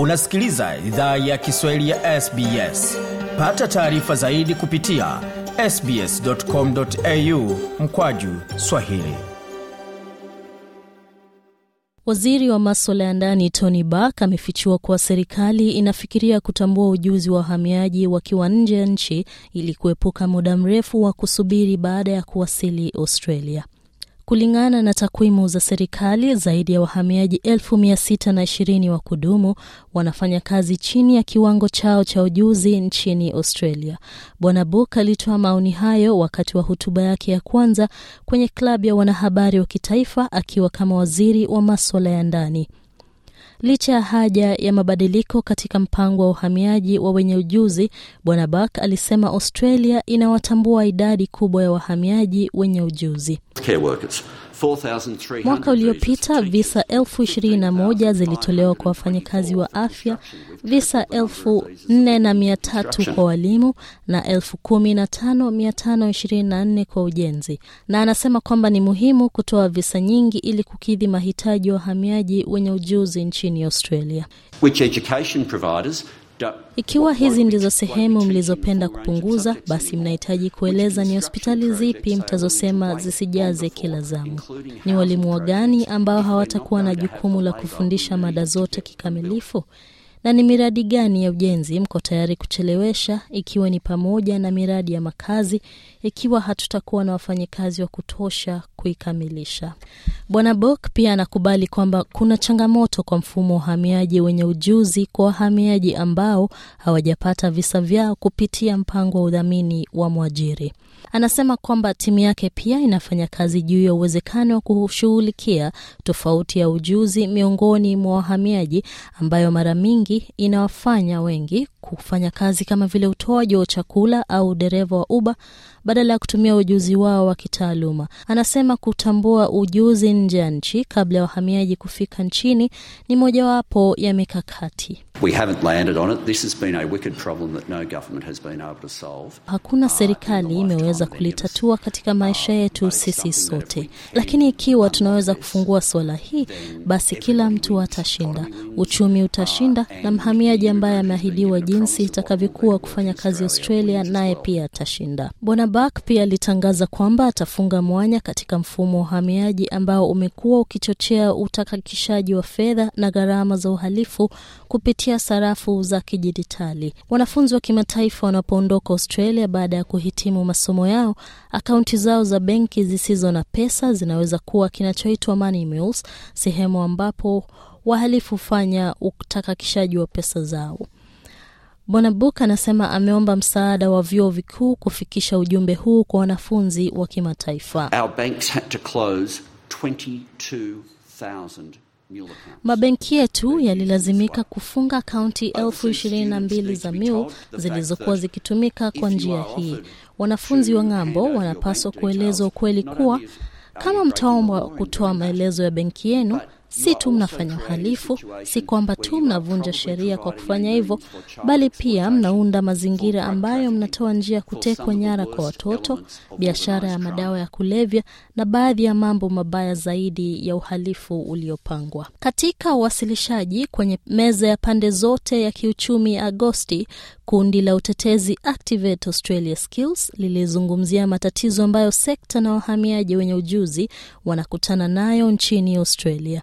unasikiliza idhaa ya kiswahili ya sbs pata taarifa zaidi kupitia sbscomau mkwaju swahili Waziri wa maswala ya ndani Tony bak amefichua kuwa serikali inafikiria kutambua ujuzi wa wahamiaji wakiwa nje ya nchi ili kuepuka muda mrefu wa kusubiri baada ya kuwasili Australia. Kulingana na takwimu za serikali, zaidi ya wahamiaji elfu mia sita na ishirini wa kudumu wanafanya kazi chini ya kiwango chao cha ujuzi nchini Australia. Bwana Book alitoa maoni hayo wakati wa hotuba yake ya kwanza kwenye klabu ya wanahabari wa kitaifa akiwa kama waziri wa maswala ya ndani. Licha ya haja ya mabadiliko katika mpango wa uhamiaji wa wenye ujuzi, Bwana alisema Australia inawatambua idadi kubwa ya wahamiaji wenye ujuzi. Mwaka uliopita visa elfu ishirini na moja zilitolewa kwa wafanyakazi wa afya, visa elfu nne na mia tatu kwa walimu na elfu kumi na tano mia tano ishirini na nne kwa ujenzi. Na anasema kwamba ni muhimu kutoa visa nyingi ili kukidhi mahitaji ya wahamiaji wenye ujuzi nchini Australia. Which education providers ikiwa hizi ndizo sehemu mlizopenda kupunguza, basi mnahitaji kueleza ni hospitali zipi mtazosema zisijaze kila zamu, ni walimu wa gani ambao hawatakuwa na jukumu la kufundisha mada zote kikamilifu, na ni miradi gani ya ujenzi mko tayari kuchelewesha, ikiwa ni pamoja na miradi ya makazi, ikiwa hatutakuwa na wafanyakazi wa kutosha kuikamilisha. Bwana Bok pia anakubali kwamba kuna changamoto kwa mfumo wa uhamiaji wenye ujuzi kwa wahamiaji ambao hawajapata visa vyao kupitia mpango wa udhamini wa mwajiri. Anasema kwamba timu yake pia inafanya kazi juu ya uwezekano wa kushughulikia tofauti ya ujuzi miongoni mwa wahamiaji ambayo mara mingi inawafanya wengi kufanya kazi kama vile utoaji wa chakula au dereva wa Uber badala ya kutumia ujuzi wao wa kitaaluma. Anasema Amesema kutambua ujuzi nje ya nchi kabla ya wahamiaji kufika nchini ni mojawapo ya mikakati. Hakuna uh, serikali imeweza kulitatua katika maisha uh, yetu sisi sote, lakini ikiwa tunaweza kufungua suala hii, basi kila mtu atashinda, uchumi uh, utashinda, na mhamiaji ambaye ameahidiwa jinsi itakavyokuwa kufanya kazi Australia, naye pia atashinda. Bwana Bak pia alitangaza kwamba atafunga mwanya katika mfumo wa uhamiaji ambao umekuwa ukichochea utakakishaji wa fedha na gharama za uhalifu kupitia sarafu za kidijitali. Wanafunzi wa kimataifa wanapoondoka Australia baada ya kuhitimu masomo yao, akaunti zao za benki zisizo na pesa zinaweza kuwa kinachoitwa money mules, sehemu ambapo wahalifu hufanya utakakishaji wa pesa zao. Bwana Buk anasema ameomba msaada wa vyuo vikuu kufikisha ujumbe huu kwa wanafunzi wa kimataifa. Mabenki yetu yalilazimika kufunga akaunti elfu ishirini na mbili za mil zilizokuwa zikitumika kwa njia hii. Wanafunzi wa ng'ambo wanapaswa kuelezwa ukweli kuwa kama mtaomba kutoa maelezo ya benki yenu, si tu mnafanya uhalifu, si kwamba tu mnavunja sheria kwa kufanya hivyo, bali pia mnaunda mazingira ambayo mnatoa njia ya kutekwa nyara kwa watoto, biashara ya madawa ya kulevya na baadhi ya mambo mabaya zaidi ya uhalifu uliopangwa. Katika uwasilishaji kwenye meza ya pande zote ya kiuchumi Agosti, kundi la utetezi Activate Australia Skills lilizungumzia matatizo ambayo sekta na wahamiaji wenye ujuzi wanakutana nayo nchini Australia.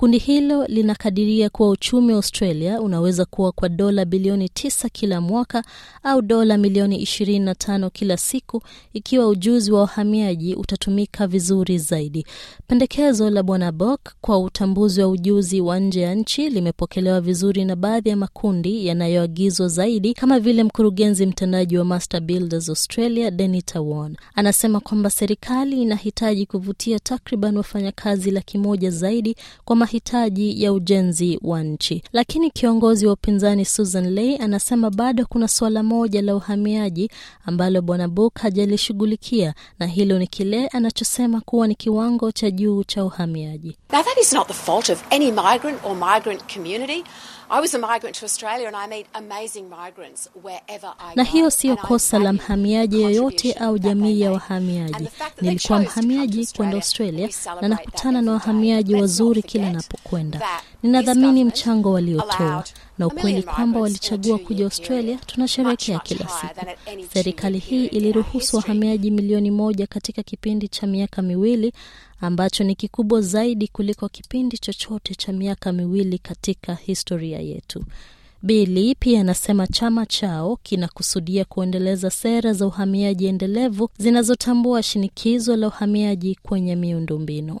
Kundi hilo linakadiria kuwa uchumi wa Australia unaweza kuwa kwa dola bilioni 9 kila mwaka au dola milioni 25 kila siku ikiwa ujuzi wa wahamiaji utatumika vizuri zaidi. Pendekezo la Bwana Bok kwa utambuzi wa ujuzi wa nje ya nchi limepokelewa vizuri na baadhi ya makundi yanayoagizwa zaidi kama vile mkurugenzi mtendaji wa Master Builders Australia, Denita Won. Anasema kwamba serikali inahitaji kuvutia takriban wafanyakazi laki moja zaidi kwa mahitaji ya ujenzi wa nchi. Lakini kiongozi wa upinzani Susan Ley anasema bado kuna suala moja la uhamiaji ambalo Bwana buk hajalishughulikia, na hilo ni kile anachosema kuwa ni kiwango cha juu cha uhamiaji. Now that is not the fault of any migrant or migrant community. Na hiyo siyo kosa la mhamiaji yoyote au jamii ya wahamiaji. Nilikuwa mhamiaji kwenda Australia na nakutana na wahamiaji wazuri kila napokwenda. Ninadhamini mchango waliotoa na ukweli kwamba walichagua kuja Australia tunasherehekea kila siku. Serikali hii iliruhusu wahamiaji milioni moja katika kipindi cha miaka miwili ambacho ni kikubwa zaidi kuliko kipindi chochote cha miaka miwili katika historia yetu. Bili pia anasema chama chao kinakusudia kuendeleza sera za uhamiaji endelevu zinazotambua shinikizo la uhamiaji kwenye miundo mbinu